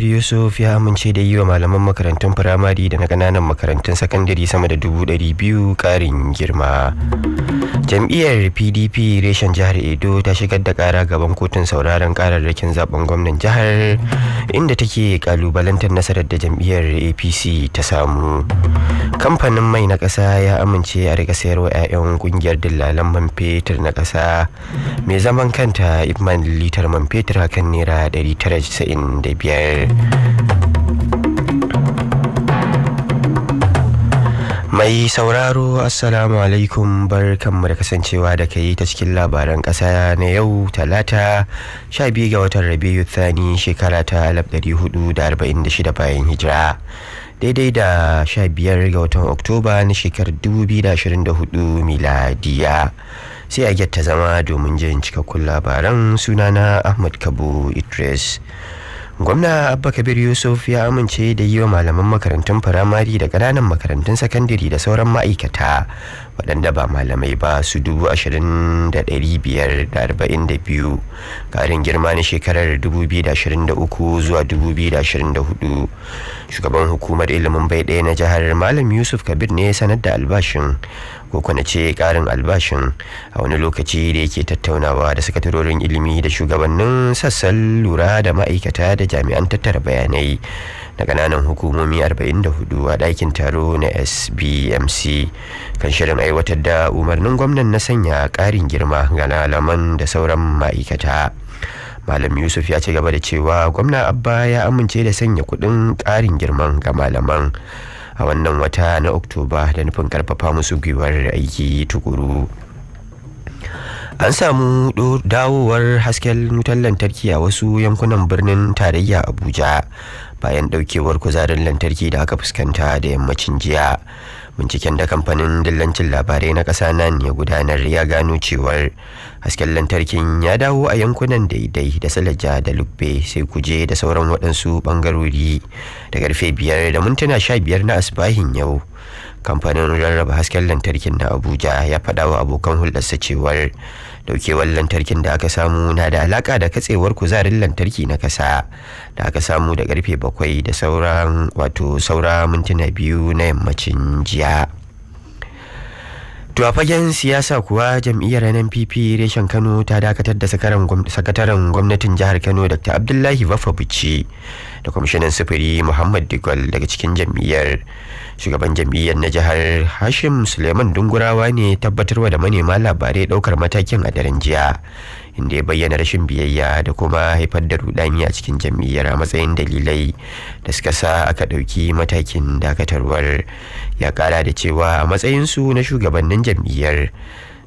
Yusuf ya amince da yi wa malaman makarantun firamare da na kananan makarantun sakandare sama da dubu ɗari biyu ƙarin girma. jam'iyyar pdp reshen jihar edo ta shigar da kara gaban kotun sauraron kararrakin zaben gwamnan jihar inda take kalubalantar nasarar da jam'iyyar apc ta samu kamfanin mai na ƙasa ya amince a rika sayarwa 'ya'yan kungiyar dillalan man fetur na ƙasa mai zaman kanta ibman litar man fetur hakan naira 995 Mai sauraro Assalamu alaikum bar kanmu da kasancewa da kai ta cikin labaran kasa na yau talata 12 ga watan Rabiu Thani shekara ta 1446 bayan hijira. Daidai da 15 ga watan Oktoba na shekarar 2024 miladiya. Sai a gyatta zama domin jin cikakkun labaran sunana Ahmad kabu Idris. gwamna abba kabir yusuf ya amince da yi wa malaman makarantun firamare da ƙananan makarantun sakandare da sauran ma'aikata waɗanda ba malamai ba su dubu ashirin da ɗari biyar da arba'in da biyu ƙarin girma na shekarar dubu biyu da ashirin da uku zuwa dubu biyu da ashirin da hudu shugaban hukumar ilimin bai ɗaya na jihar malam yusuf kabir ne sanar da albashin ko kuna ce ƙarin albashin a wani lokaci da yake tattaunawa da sakatarorin ilimi da shugabannin sassan lura da ma'aikata da jami'an tattara bayanai da kananan hukumomi 44 a ɗakin taro na sbmc kan shirin aiwatar da umarnin gwamnan na sanya ƙarin girma ga lalaman da sauran ma'aikata malam yusuf ya ci gaba da cewa gwamna abba ya amince da sanya kuɗin ƙarin girman ga malaman a wannan wata na oktoba da nufin karfafa musu gwiwar aiki tukuru an samu dawowar hasken wutar lantarki a wasu yankunan birnin tarayya abuja bayan daukewar kuzarin lantarki da aka fuskanta da yammacin jiya binciken da kamfanin dillancin labarai na ƙasa nan ya gudanar ya gano cewar hasken lantarkin ya dawo a yankunan daidai da salaja da lubbe sai kuje da sauran waɗansu ɓangarori da ƙarfe biyar da mintuna sha biyar na asibahin yau kamfanin rarraba hasken lantarkin na abuja ya faɗa wa abokan hulɗarsa cewar daukewar lantarkin da aka samu na da alaka da katsewar kuzarin lantarki na kasa da aka samu da karfe bakwai da sauran wato saura mintuna biyu na yammacin jiya To a fagen siyasa kuwa jam'iyyar NNPP reshen Kano ta dakatar da sakataren gwamnatin jihar Kano Dr. Abdullahi Baffa Bici da kwamishinan sufuri Muhammad Digwal daga cikin jam'iyyar. Shugaban jam'iyyar na jihar Hashim Suleiman Dungurawa ne tabbatarwa da manema labarai ɗaukar matakin a daren jiya inda ya bayyana rashin biyayya da kuma haifar da rudani a cikin jam'iyyar a matsayin dalilai da suka sa aka ɗauki matakin dakatarwar ya ƙara da cewa a matsayinsu na shugabannin jam'iyyar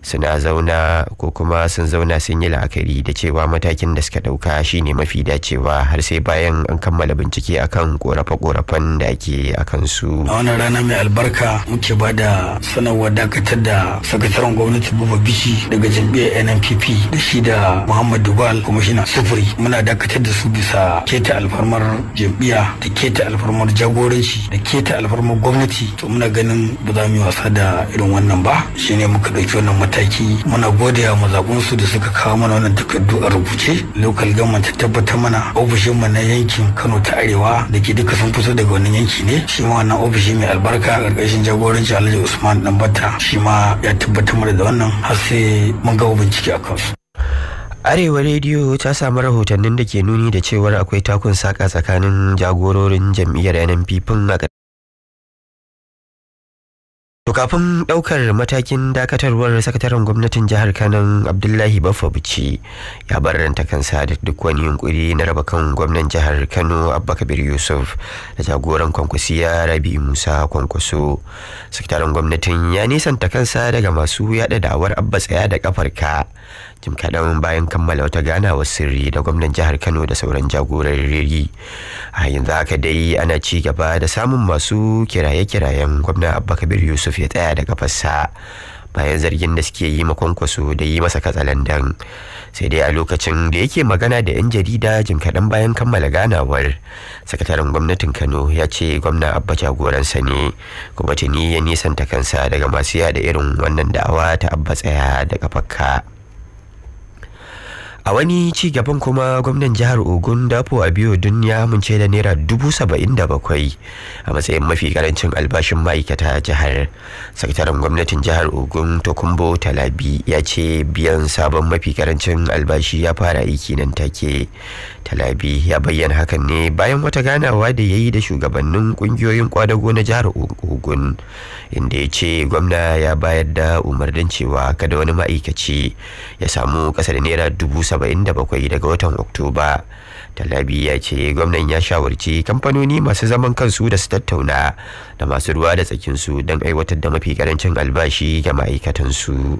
suna zauna ko kuma sun zauna sun yi la'akari da cewa matakin da suka dauka shine mafi dacewa har sai bayan an kammala bincike akan korafe-korafen da ake a su. a wannan rana mai albarka muke ba da sanarwa dakatar da sakataren gwamnati buba bishi daga jam'iyyar nnpp da shi da muhammad dubal kuma shi na sufuri muna dakatar da su bisa keta alfarmar jam'iyya da keta alfarmar jagoranci da keta alfarmar gwamnati to muna ganin ba za mu yi wasa da irin wannan ba shine muka ɗauki wannan mataki muna gode wa su da suka kawo mana wannan takardu a rubuce lokal government ta tabbatar mana ofishin mu na yankin Kano ta Arewa da ke duka sun fito daga wannan yanki ne shi ma wannan ofishi mai albarka a ƙarƙashin jagorancin Alhaji Usman bata shi ma ya tabbatar mana da wannan har sai mun ga bincike a kansu. arewa rediyo ta samu rahotannin da ke nuni da cewar akwai takun saka tsakanin jagororin jam'iyyar nnp a To kafin ɗaukar matakin dakatarwar sakataren gwamnatin jihar Kano Abdullahi Baffa Bici ya barranta kansa da duk wani yunkuri na raba kan gwamnan jihar Kano Abba Kabir Yusuf da jagoran kwankwasiya Rabi Musa Kwankwaso. Sakataren gwamnatin ya nisanta kansa daga masu yaɗa da'awar Abba tsaya da kafarka jim kaɗan bayan kammala wata ganawar sirri da gwamnan jihar kano da sauran jagorori a yanzu haka dai ana ci gaba da samun masu kiraye-kirayen gwamnan abba kabir yusuf ya tsaya daga fassa bayan zargin da suke yi makonkwaso da yi masa katsalandan sai dai a lokacin da yake magana da 'yan jarida jim kaɗan bayan kammala ganawar sakataren gwamnatin kano ya ce gwamna abba jagoransa ne kuma tuni ya nisanta kansa daga masu yada irin wannan da'awa ta abba tsaya daga fakka a wani ci gaban kuma gwamnan jihar ogun dapo dun ya amince da naira dubu saba'in da bakwai a matsayin mafi karancin albashin ma'aikata jihar sakataren gwamnatin jihar ogun tokumbo talabi ya ce biyan sabon mafi karancin albashi ya fara aiki nan take talabi ya bayyana hakan ne bayan wata ganawa da ya yi da shugabannin kungiyoyin kwadago na jihar ogun inda ya ce gwamna ya bayar da umarnin cewa kada wani ma'aikaci ya samu kasa da naira dubu 77 daga watan oktoba talabi ya ce gwamnan ya shawarci kamfanoni masu zaman kansu da su tattauna da masu ruwa da tsakinsu don aiwatar da mafi karancin albashi ga ma'aikatansu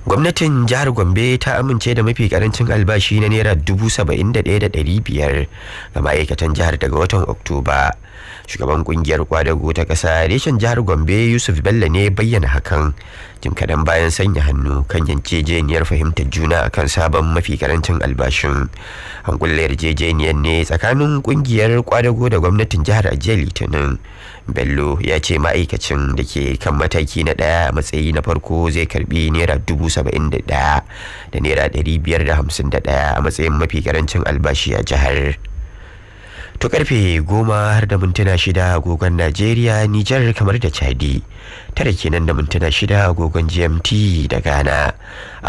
gwamnatin jihar gombe ta amince da mafi karancin albashi na naira dubu saba'in da ɗaya da ɗari biyar ga ma'aikatan jihar daga watan oktoba shugaban kungiyar kwadago ta ƙasa reshen jihar gombe yusuf bello ne bayyana hakan jim kaɗan bayan sanya hannu kan yarjejeniyar fahimtar juna kan sabon mafi karancin albashin an kulle yarjejeniyar ne tsakanin kungiyar kwadago da gwamnatin jihar a litinin bello ya ce ma'aikacin da ke kan mataki na daya matsayi na farko zai karbi naira dubu saba'in da daya da naira dari biyar da hamsin da daya a matsayin mafi karancin albashi a jihar to karfe goma har da mintuna shida agogon najeriya nijar kamar da chadi tare kenan da mintuna shida agogon gmt da ghana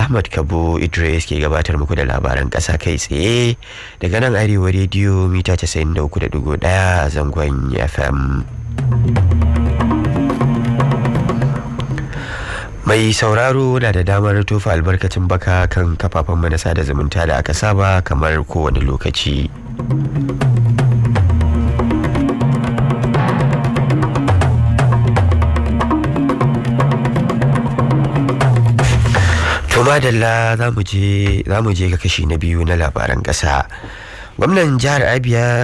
ahmad kabo idris ke gabatar muku da labaran ƙasa kai tsaye daga nan arewa rediyo mita 93.1 zangon fm mai sauraro na da damar tofa albarkacin baka kan kafafen manasa da zumunta da aka saba kamar kowane lokaci to madalla za mu je ga kashi na biyu na labaran ƙasa gwamnan jihar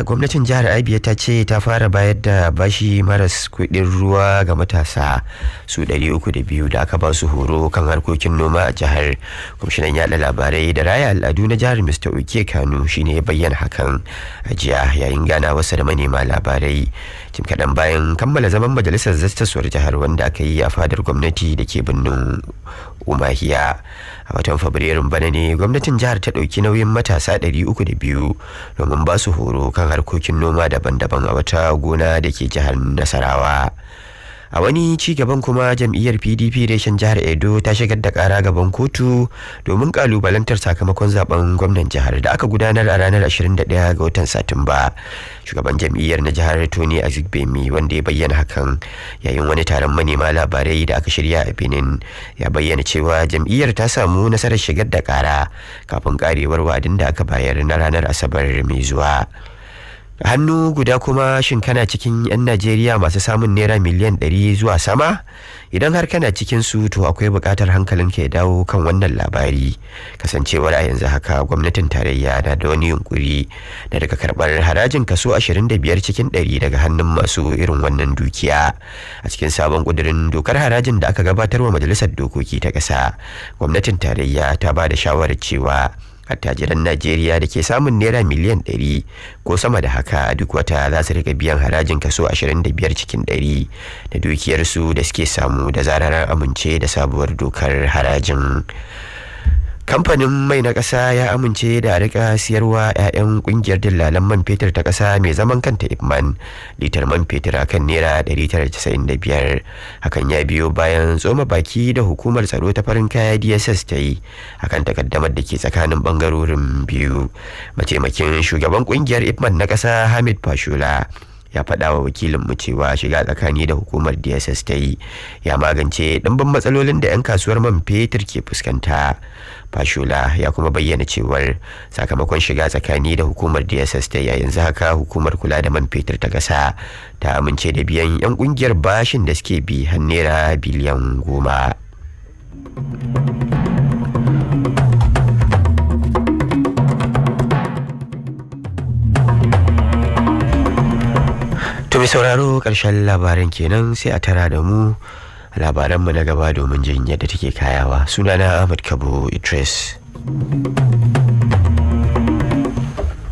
gwamnatin jihar abia ta ce ta fara bayar da bashi maras kudin ruwa ga matasa su 302 da aka ba su horo kan harkokin noma a jihar kwamishinan yada labarai da raya al'adu na jihar mr Oke kano shine ya bayyana hakan a jiya yayin gana wasu da manema labarai jim kadan bayan kammala zaman majalisar Zastaswar jihar wanda aka yi a fadar gwamnati da ke birnin umahiya a watan fabrairun bana ne gwamnatin jihar ta ɗauki nauyin matasa 302 domin ba su horo kan harkokin noma daban-daban a wata gona da ke jihar nasarawa a wani ci gaban kuma jam'iyyar pdp reshen jihar edo ta shigar da kara gaban kotu domin kalubalantar sakamakon zaben gwamnan jihar da aka gudanar a ranar 21 ga watan satumba shugaban jam'iyyar na jihar tony azigbemi wanda ya bayyana hakan yayin wani taron manema labarai da aka shirya a benin ya bayyana cewa jam'iyyar ta samu nasarar shigar da kara kafin karewar wa'adin da aka bayar na ranar asabar mai zuwa. hannu guda kuma shin kana cikin 'yan najeriya masu samun naira miliyan 100 zuwa sama idan har kana cikin su to akwai bukatar hankalin ka ya dawo kan wannan labari kasancewar a yanzu haka gwamnatin tarayya na da wani yunkuri na daga karɓar harajin kaso 25 cikin 100 daga hannun masu irin wannan dukiya a cikin sabon ƙudurin dokar harajin da aka gabatar wa majalisar dokoki ta ƙasa gwamnatin tarayya ta ba da shawarar cewa attajiran najeriya da ke samun naira miliyan ɗari ko sama da haka duk wata za su riga biyan harajin kaso 25 cikin ɗari da dukiyarsu da suke samu da zarar amince da sabuwar dokar harajin kamfanin mai na ƙasa ya amince da rika siyarwa 'ya'yan ƙungiyar dillalan man fetur ta ƙasa mai zaman kanta ipman litar man fetur a kan naira biyar, hakan ya biyo bayan tsoma baki da hukumar tsaro ta farin kaya dss ta yi akan takaddamar da ke tsakanin bangarorin biyu mataimakin shugaban ƙungiyar ipman na ƙasa hamid fashola ya faɗa wa mu cewa shiga tsakani da hukumar dss ta yi ya magance ɗimbin matsalolin da 'yan kasuwar man fetur ke fuskanta fashula ya kuma bayyana cewar sakamakon shiga tsakani da hukumar dss ta yanzu haka hukumar kula da man fetur ta kasa ta amince da biyan 'yan ƙungiyar bashin da suke bi har naira biliyan goma To sauraro ƙarshen labarin kenan sai a tara da mu labaranmu na gaba domin jin yadda take kayawa sunana ahmad kabo idris